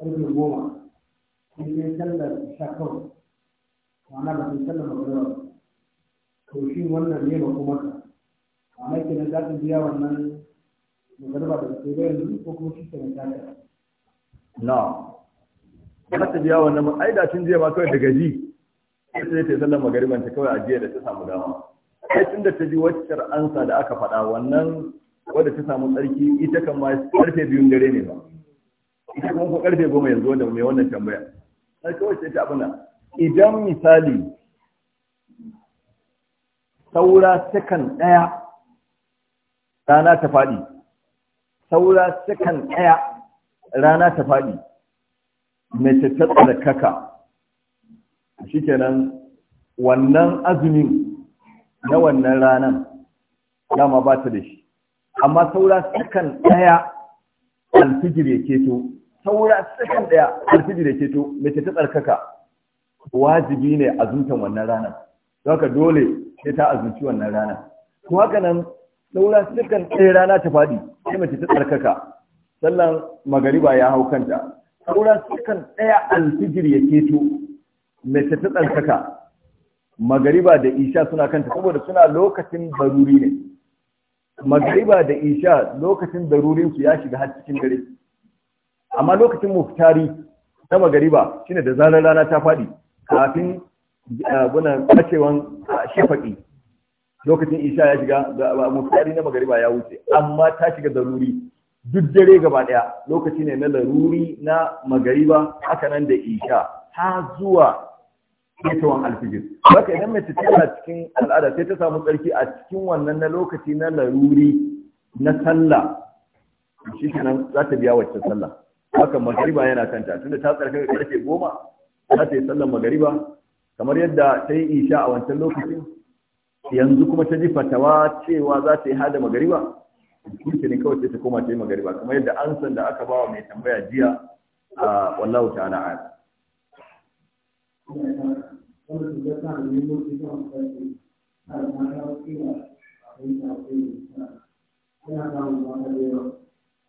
ƙarfe goma sai dai sallar isha kawai ma'ana ba sai sallar magana ba shi wannan ne ba kuma ka ma'ana kenan za ta biya wannan magana da sai da yanzu ko kuma shi kenan ta ta na za ta biya wannan ai da tun jiya ma kawai daga ji sai ta yi sallar magariban ta kawai a jiya da ta samu dama ai tun da ta ji waccar ansa da aka faɗa wannan wadda ta samu tsarki ita kan ma karfe biyun dare ne ba karfe goma yanzu wanda mai wannan tambaya sai kawai sai ta abuna idan misali saura sakan daya rana ta faɗi saura sakan daya rana ta faɗi mai ta tsarkaka shikenan wannan azumin na wannan ranan dama ba ta da shi amma saura sakan daya alfijir ya keto saura sakan daya alfijir da keto mace ta tsarkaka wajibi ne a zuntan wannan ranar don haka dole sai ta azumci wannan rana Ko haka nan saura sakan ɗaya rana ta faɗi sai mace ta tsarkaka sallan magariba ya hau kanta saura sakan ɗaya alfijir ya keto mace ta tsarkaka magariba da isha suna kanta saboda suna lokacin baruri ne magariba da isha lokacin darurinsu ya shiga har cikin dare amma lokacin muftari na magariba shine da zanen rana ta faɗi kafin bunan bacewan shafaki lokacin isha ya shiga muftari na magariba ya wuce amma ta shiga zaruri duk dare gaba daya lokaci ne na ruri na magariba haka nan da isha ta zuwa fitowar alfijir baka idan mace tana cikin al'ada sai ta samu tsarki a cikin wannan na lokaci na laruri na sallah shi nan za ta biya wacce sallah haka magariba yana kanta tunda ta tsarkaka karfe goma za ta yi sallar magariba kamar yadda ta yi isha a wancan lokacin yanzu kuma ta ji fatawa cewa za ta yi hada magariba kuce ne kawai sai ta koma ta yi magariba kamar yadda an san da aka bawa mai tambaya jiya a wallahu ta'ala a wata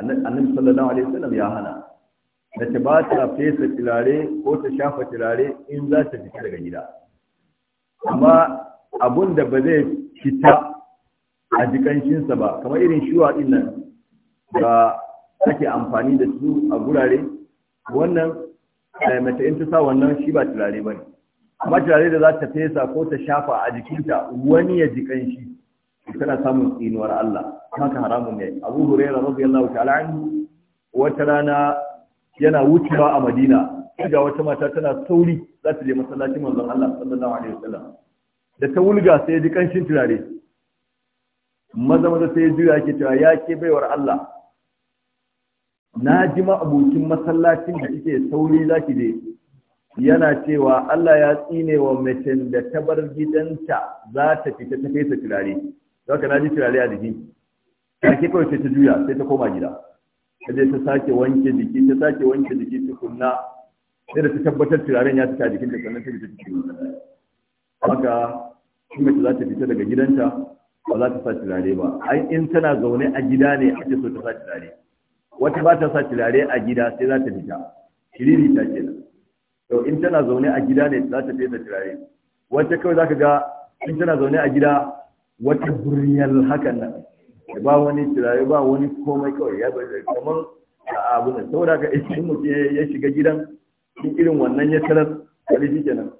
annabi sallallahu alaihi wasallam ya hana mace ba ta fesa turare ko ta shafa turare in za ta fita daga gida amma abun da ba zai fita a jikanshinsa ba kamar irin shuwa din nan da take amfani da su a gurare wannan eh, mace in ta sa wannan shi ba turare ba ne amma turare da za ta fesa ko ta shafa a jikinta wani ya jikanshi tana samun tsinuwar Allah haka haramun ne Abu Hurairah radiyallahu ta'ala anhu wata rana yana wucewa a Madina ga wata mata tana sauri za ta je masallacin manzon Allah sallallahu alaihi wasallam da ta wulga sai ya ji kanshin turare maza maza sai ya juya yake cewa ya ke baiwar Allah na ji ma abokin masallacin da kike sauri za ki je yana cewa Allah ya tsine wa mace da ta bar gidanta za ta fita ta kai turare zaka na ji turare a jiki ke kawai sai ta juya sai ta koma gida ta je ta sake wanke jiki ta sake wanke jiki tukunna sai da ta tabbatar turaren ya fita jikin ta sannan ta fita cikin haka shi mace za ta fita daga gidanta ba za ta sa turare ba ai in tana zaune a gida ne ake so ta sa turare wata ba ta sa turare a gida sai za ta fita shiriri ta kenan to in tana zaune a gida ne za ta fesa turare wata kawai za ka ga in tana zaune a gida wata duniyar haka nan ba wani tiraye ba wani komai kawai ya bari kamar a abu ne saboda ka in mutum ya shiga gidan cikin irin wannan ya tarar kare shi kenan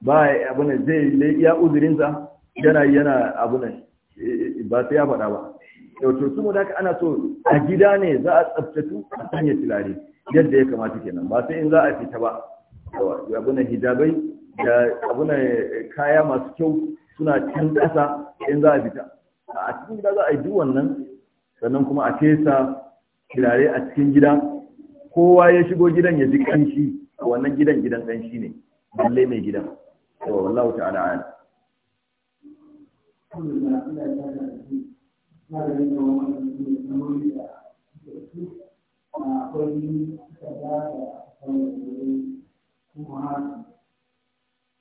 ba abu ne zai ya uzurinsa yana yana abu ne ba sai ya faɗa ba to su da ana so a gida ne za a tsaftatu a sanya tilare yadda ya kamata kenan ba sai in za a fita ba abu ne hijabai da abu ne kaya masu kyau suna cikin ƙasa in za a fita a cikin gida za a yi duk wannan sannan kuma a fesa kirare a cikin gida kowa ya shigo gidan ya ji kanshi a wannan gidan gidan kanshi ne balle mai gidan yawa wallahu ta'ala ala Thank you.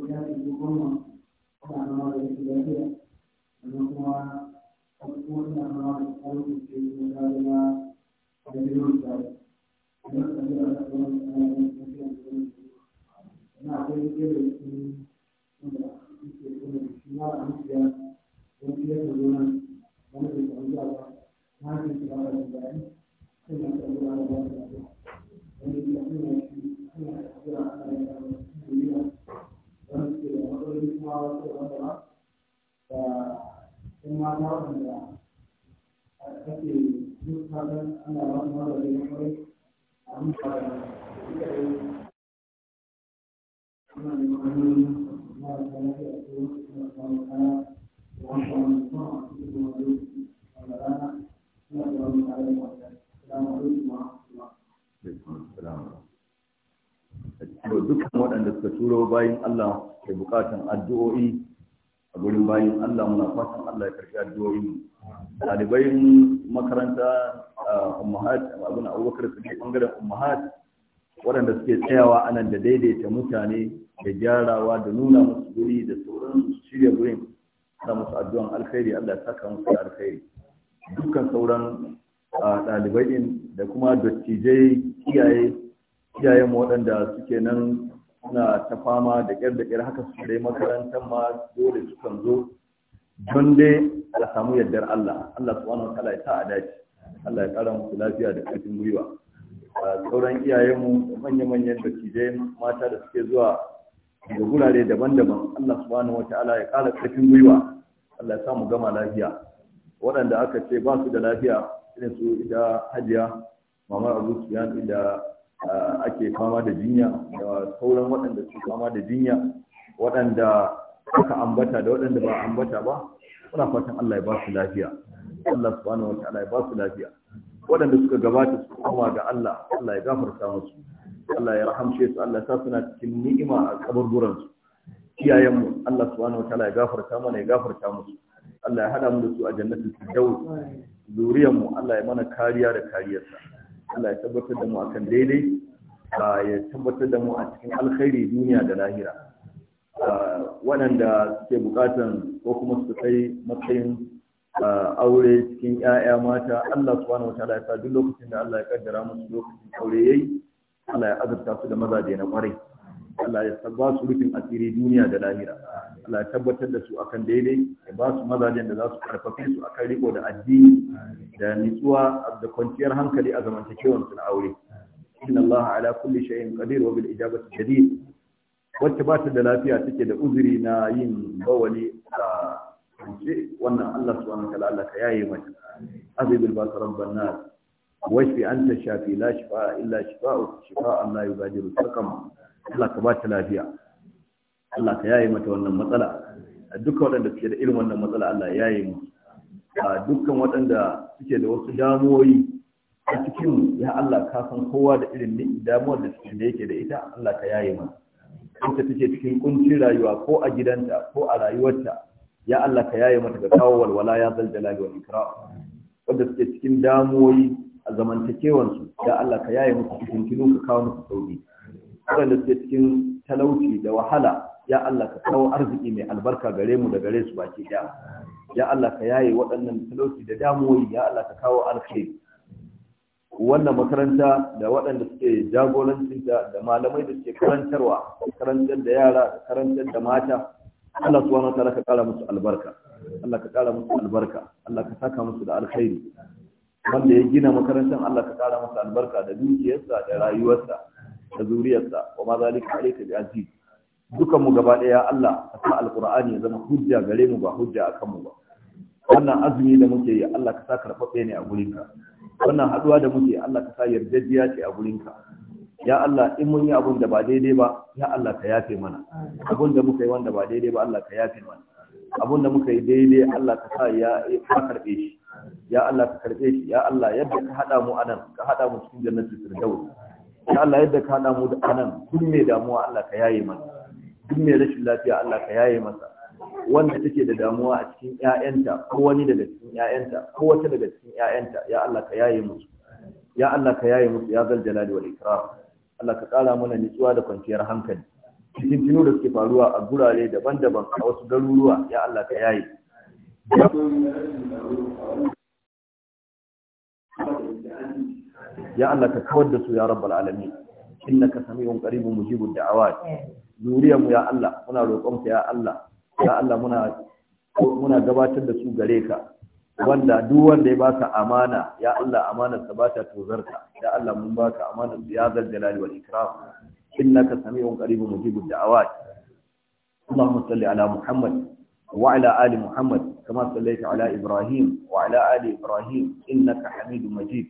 kuliah di rumah orang orang yang tidak ada semua semua yang orang kalau di negara negara ada di luar ada ada ada orang orang yang tidak ada nah saya pikir ini sudah itu sudah semua manusia yang tidak berguna mana bisa menjawab nanti kita akan menjadi tidak berguna dan tidak berguna ini tidak berguna tidak berguna السلام عليكم da dukkan waɗanda suka turo bayan Allah ke bukatan addu'o'i a gurin bayan Allah muna fatan Allah ya karfi addu'o'i ɗalibai makaranta ummahat abin abubakar su ke ɓangaren ummahat waɗanda suke tsayawa anan da daidaita mutane da gyarawa da nuna musu guri da sauran shirya gurin da musu addu'an alkhairi Allah ya saka musu alkhairi dukkan sauran ɗalibai ɗin da kuma dattijai kiyaye. iyayen waɗanda suke nan suna ta fama da ƙyar da ƙyar haka su dai makarantar ma dole su kan zo don dai a samu yardar Allah Allah su wani wata ya sa a daji Allah ya ƙara musu lafiya da ƙarfin gwiwa A sauran iyayenmu manya-manyan cije mata da suke zuwa da gurare daban-daban Allah wani wata ala ya ƙara ƙarfin gwiwa Allah ya samu gama lafiya waɗanda aka ce ba su da lafiya irin su ita hajiya mama abu suyan da ake fama da jinya da sauran waɗanda suke fama da jinya waɗanda aka ambata da waɗanda ba ambata ba muna fatan Allah ya ba su lafiya Allah subhanahu wa ta'ala ya ba su lafiya waɗanda suka gabata su koma ga Allah Allah ya gafarta musu Allah ya rahamce su Allah ya suna cikin ni'ima a kaburburan su iyayenmu Allah subhanahu wa ta'ala ya gafarta mana ya gafarta musu Allah ya hada mu da su a jannatin firdaus mu Allah ya mana kariya da kariyarsa Allah ya tabbatar da mu akan daidai ya tabbatar da mu a cikin alkhairi duniya da lahira waɗanda suke buƙatan ko kuma su kai matsayin aure cikin 'ya'ya mata Allah subhanahu wa ta'ala ya sa duk lokacin da Allah ya kaddara musu lokacin aure yayi Allah ya azurta su da mazaje na ƙwarai Allah ya ba su rufin asiri duniya da lahira Allah ya tabbatar da su akan daidai ya ba su mazajen da za su karfafe su akan riko da addini da nitsuwa da kwanciyar hankali a zamantakewar su na aure inna Allah ala kulli shay'in qadir wa bil ijabati jadid wacce ba ta da lafiya take da uzuri na yin bawali a kance wannan Allah subhanahu wa ta'ala Allah ka yaye mata azibul bas rabban nas واشف انت الشافي لا شفاء الا شفاءك شفاء لا يغادر سقما Allah ka ba ta lafiya Allah ka yaye mata wannan matsala a dukkan waɗanda suke da irin wannan matsala Allah ya yaye mu a dukkan waɗanda suke da wasu damuwoyi a cikin ya Allah ka san kowa da irin damuwar da cikin da yake da ita Allah ka yaye mana ta take cikin kuncin rayuwa ko a gidanta ko a rayuwarta ya Allah ka yaye mata ga kawo walwala ya zal jalali wal ikra wanda suke cikin damuwoyi a zamantakewansu ya Allah ka yaye musu cikin kinu ka kawo musu sauki waɗanda suke cikin talauci da wahala ya Allah ka kawo arziki mai albarka gare mu da gare su baki ɗaya ya Allah ka yaye waɗannan talauci da damuwoyi ya Allah ka kawo alkhairi wannan makaranta da waɗanda suke jagorancinta da malamai da suke karantarwa karantar da yara karantar da mata Allah subhanahu wataala ka kara musu albarka Allah ka kara musu albarka Allah ka saka musu da alkhairi wanda ya gina makarantar Allah ka kara musu albarka da dukiyarsa da rayuwarsa da zuriyarsa wa ma zalika alayka bi aziz dukan mu gaba daya Allah ka sa alqur'ani ya zama hujja gare mu ba hujja akan mu ba wannan azumi da muke yi Allah ka sa karfafe ne a gurinka wannan haduwa da muke Allah ka sa yarjejjiya ce a gurinka ya Allah in mun yi abun da ba daidai ba ya Allah ka yafe mana abun da muka yi wanda ba daidai ba Allah ka yafe mana abun da muka yi daidai Allah ka sa ya karbe shi ya Allah ka karbe shi ya Allah yadda ka hada mu anan ka hada mu cikin jannatul firdaus ya Allah yadda ka damu da anan duk mai damuwa Allah ka yaye masa duk mai rashin lafiya Allah ka yaye masa wanda take da damuwa a cikin ƴaƴanta ko wani daga cikin ƴaƴanta ko wata daga cikin ƴaƴanta ya Allah ka yaye musu ya Allah ka yaye musu ya zal jalali wal ikram Allah ka kara mana nutsuwa da kwanciyar hankali cikin tunu da suke faruwa a gurare daban-daban a wasu garuruwa ya Allah ka yaye Thank you. ya Allah ka kawar da su ya rabbal alamin innaka sami'un qaribun mujibud da'awat zuriyar mu ya Allah muna roƙon ya Allah ya Allah muna muna gabatar da su gare ka wanda duk wanda ya baka amana ya Allah amanar sa bata tozarka ya Allah mun baka amanar ya zal jalali wal ikram innaka sami'un qaribun mujibud da'awat ala Muhammad. على محمد وعلى آل محمد كما صليت Ibrahim, إبراهيم وعلى آل إبراهيم إنك حميد Majid.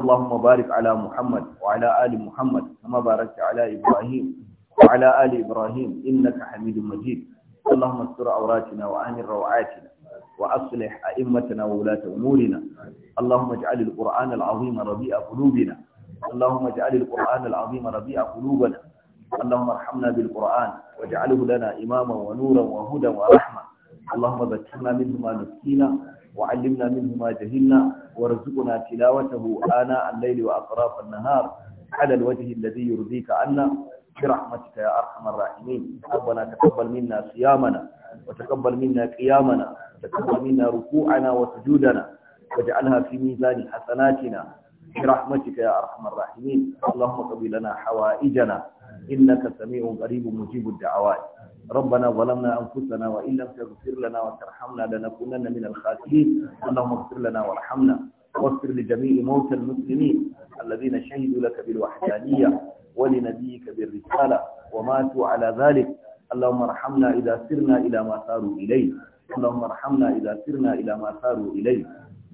اللهم بارك على محمد وعلى آل محمد كما باركت على إبراهيم وعلى آل إبراهيم إنك حميد مجيد اللهم استر عوراتنا وأمن روعاتنا وأصلح أئمتنا وولاة أمورنا اللهم اجعل القرآن العظيم ربيع قلوبنا اللهم اجعل القرآن العظيم ربيع قلوبنا اللهم ارحمنا بالقرآن واجعله لنا إماما ونورا وهدى ورحمة اللهم ذكرنا منه ما نسكينا وعلمنا منه ما جهلنا وارزقنا تلاوته آناء الليل وأطراف النهار على الوجه الذي يرضيك عنا برحمتك يا أرحم الراحمين ربنا تقبل منا صيامنا وتقبل منا قيامنا وتقبل منا ركوعنا وسجودنا واجعلها في ميزان حسناتنا برحمتك يا أرحم الراحمين اللهم قبل لنا حوائجنا إنك سميع قريب مجيب الدعوات ربنا ظلمنا أنفسنا وإن لم تغفر لنا وترحمنا لنكونن من الخاسرين اللهم اغفر لنا وارحمنا واغفر لجميع موتى المسلمين الذين شهدوا لك بالوحدانية ولنبيك بالرسالة وماتوا على ذلك اللهم ارحمنا إذا سرنا إلى ما ساروا إليه اللهم ارحمنا إذا سرنا إلى ما ساروا إليه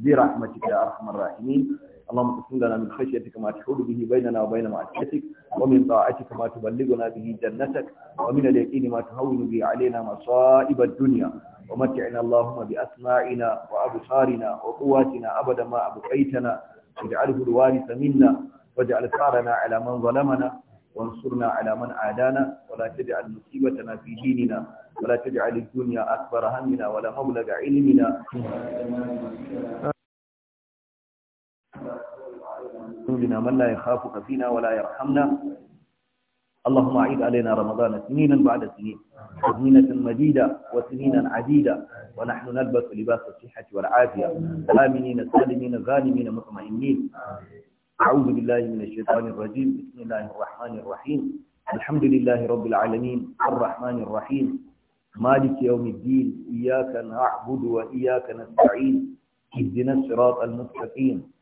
برحمتك يا أرحم الراحمين اللهم اقسم لنا من خشيتك ما تحول به بيننا وبين معصيتك ومن طاعتك ما تبلغنا به جنتك ومن اليقين ما تهون به علينا مصائب الدنيا ومتعنا اللهم بأسماعنا وأبصارنا وقواتنا أبدا ما أبقيتنا واجعله الوارث منا واجعل ثارنا على من ظلمنا وانصرنا على من عادانا ولا تجعل مصيبتنا في ديننا ولا تجعل الدنيا أكبر همنا ولا مبلغ علمنا ذنوبنا من لا يخافك فينا ولا يرحمنا اللهم أعيد علينا رمضان سنينا بعد سنين سنينة مديدة وسنينا عديدة ونحن نلبس لباس الصحة والعافية آمنين سالمين غانمين مطمئنين أعوذ بالله من الشيطان الرجيم بسم الله الرحمن الرحيم الحمد لله رب العالمين الرحمن الرحيم مالك يوم الدين إياك نعبد وإياك نستعين اهدنا الصراط المستقيم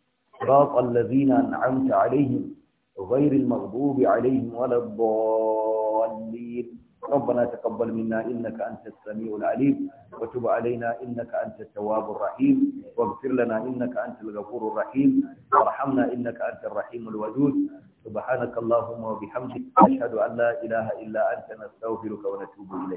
صراط الذين أنعمت عليهم غير المغضوب عليهم ولا الضالين ربنا تقبل منا إنك أنت السميع العليم وتب علينا إنك أنت التواب الرحيم واغفر لنا إنك أنت الغفور الرحيم وارحمنا إنك أنت الرحيم الودود سبحانك اللهم وبحمدك أشهد أن لا إله إلا أنت نستغفرك ونتوب إليك